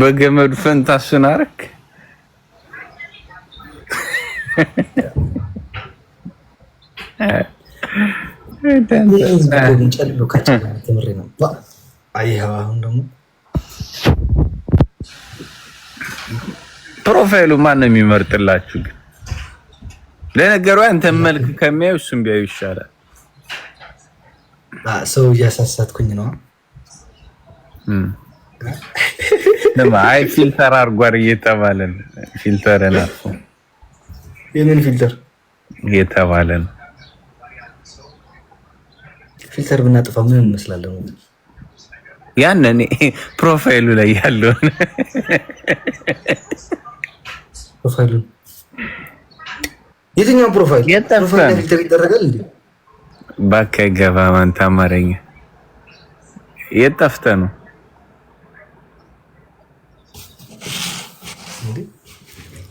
በገመድ ፈንታ እሱን ፕሮፋይሉ ማን ነው የሚመርጥላችሁ? ግን ለነገሩ አንተ መልክ ከሚያዩ እሱም ቢያዩ ይሻላል። ሰው እያሳሳትኩኝ ነው። አይ ፊልተር አርጓር እየተባለ ነው። ፊልተር ናፉ የምን ፊልተር እየተባለ ነው። ፊልተር ብናጥፋ ምን እንመስላለን? ያን እኔ ፕሮፋይሉ ላይ ያለውን ፕሮፋይሉ የትኛው ፕሮፋይል ፊልተር ይደረጋል እንዴ? ባካ ገባ ማን ታማረኛ የት ነው?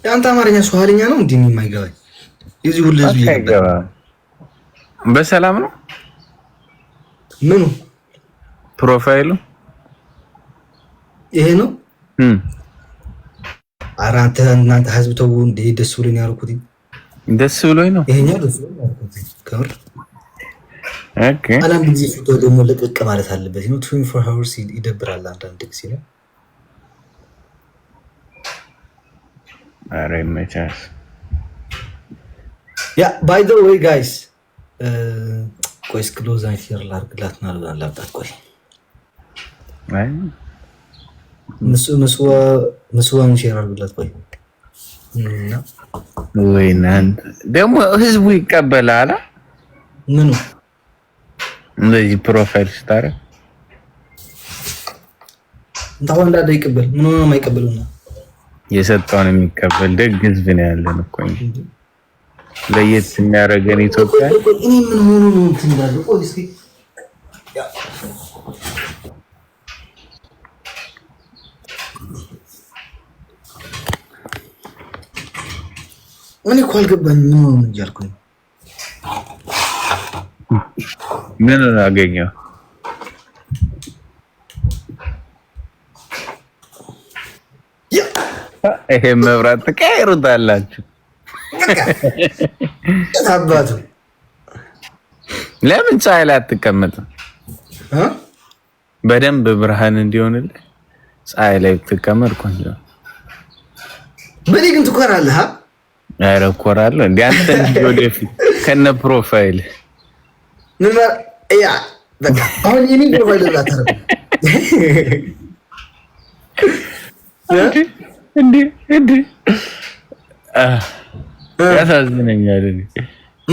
የአንተ አማርኛ ሶሃልኛ ነው እንዴ? የማይገባኝ የዚህ ሁሉ ህዝብ ይገባ። በሰላም ነው ምኑ ፕሮፋይሉ ይሄ ነው። ኧረ አንተ እናንተ ህዝብ ተው እንዴ! ደስ ብሎኝ ያልኩት ደስ ብሎኝ ነው። ይሄኛው ደስ ብሎኝ ያልኩት ከምር ኦኬ። አንዳንድ ጊዜ ፎቶ ደግሞ ለቀቅ ማለት አለበት ነው። 24 hours ይደብራል አንዳንድ ጊዜ ነው ኧረ ይመቻስ። ያ ባይ ዘ ወይ ጋይስ ቆይስ ክሎዝ አይነት ር ላርግላት ምናልባት ላምጣት። ቆይ ምስዋን ሼር አርግላት። ቆይ ወይ እናንተ ደግሞ ህዝቡ ይቀበላል። ምኑ እንደዚህ ፕሮፋይል ስታረ እንታሁ እንዳደ ይቀበል ምን ሆነ የማይቀበሉና የሰጠውን የሚቀበል ደግ ህዝብ ነው ያለን እኮ ለየት የሚያደርገን ኢትዮጵያ እኔ ምን ነው እንትን ቆይ እስኪ እኔ እኮ አልገባኝ ምን ነው እያልኩኝ ምን አገኘው ይሄ መብራት ትቀይሩታላችሁ። አባቱ ለምን ፀሐይ ላይ አትቀመጥም? በደንብ ብርሃን እንዲሆንልህ ፀሐይ ላይ ብትቀመጥ ቆንጆ። በእኔ ግን ትኮራለህ። ኧረ እኮራለሁ እንደ አንተ ወደፊት ከነ ፕሮፋይል አሁን የኔ ፕሮፋይል ላታረ ያሳዝነኛል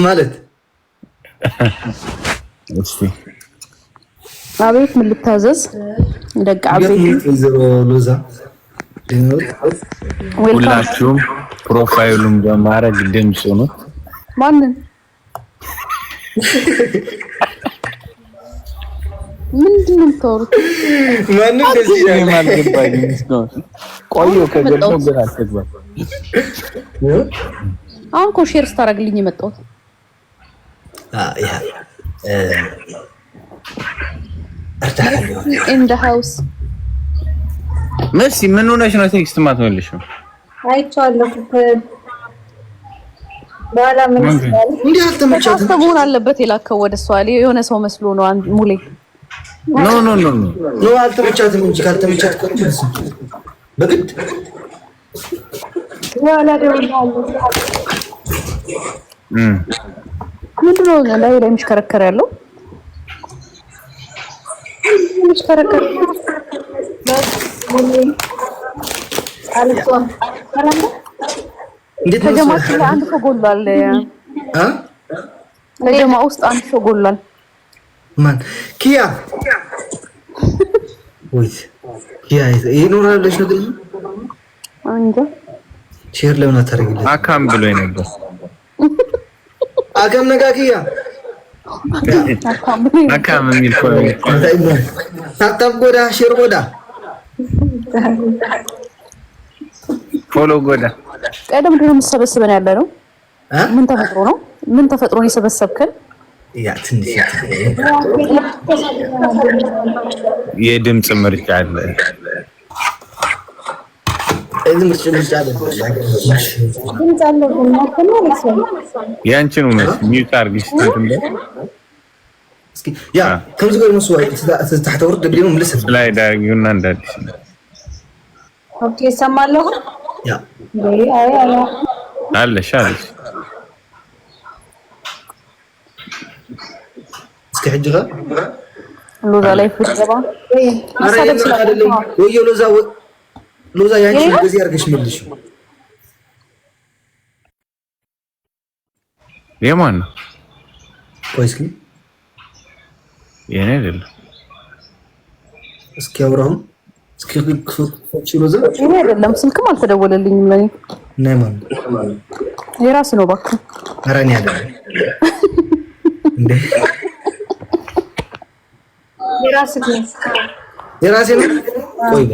ማለት አቤት ምን ልታዘዝ? ደግ አቤት ሁላችሁም ፕሮፋይሉን በማድረግ ድምፁ ነው ማንን ምንድን ነው ቆዩ አሁን እኮ ስታደርግልኝ የመጣሁት እንደ ሀውስ መሲ ምን ሆነሽ ነው ቴክስት አይቼዋለሁ። በኋላ ምን ይላል? እንዴ አልተመቻትም። መሆን አለበት የላከው ወደ እሷ የሆነ ሰው መስሎ ነው ሙሌ ኖ ኖ ኖ ኖ አልተመቻትም እንጂ ካልተመቻት በግድ ምንድን ነው ላይ ላይ የሚሽከረከር ያለው አንድ ሰው ጎሏል። ተጀማ ውስጥ አንድ ሰው ጎሏል። ማን ኪያ ወይስ ያ ነው? ግን አንተ ሼር ለምን አታደርግልኝ? አካም ብሎኝ ነበር። አካም ነጋግያ አካም የሚል ቆይ ጎዳ ሼር ጎዳ ፎሎ ጎዳ ቀደም ድሮ የምሰበስበን ያለ ነው። ምን ተፈጥሮ ነው? ምን ተፈጥሮ ነው የሰበሰብከን? ያ ትንሽ የድምፅ ምርጫ አለ። ያንቺን እውነት ሚዩት አድርጊ እስኪ ሎዛ ላይ ፍትገባ ሎዛ ሎዛ ያንቺ እንደዚህ አድርገሽ መልሽ። የማን ነው? ቆይ እስኪ የኔ አይደለም። እስኪ አውራሁን እስኪ አይደለም። ስልክም አልተደወለልኝም ለኔ ናይ ማን የራስ ነው እባክህ። ኧረ እኔ አይደለም እንዴ የራስህ ነው። የራሴ ነው። ቆይ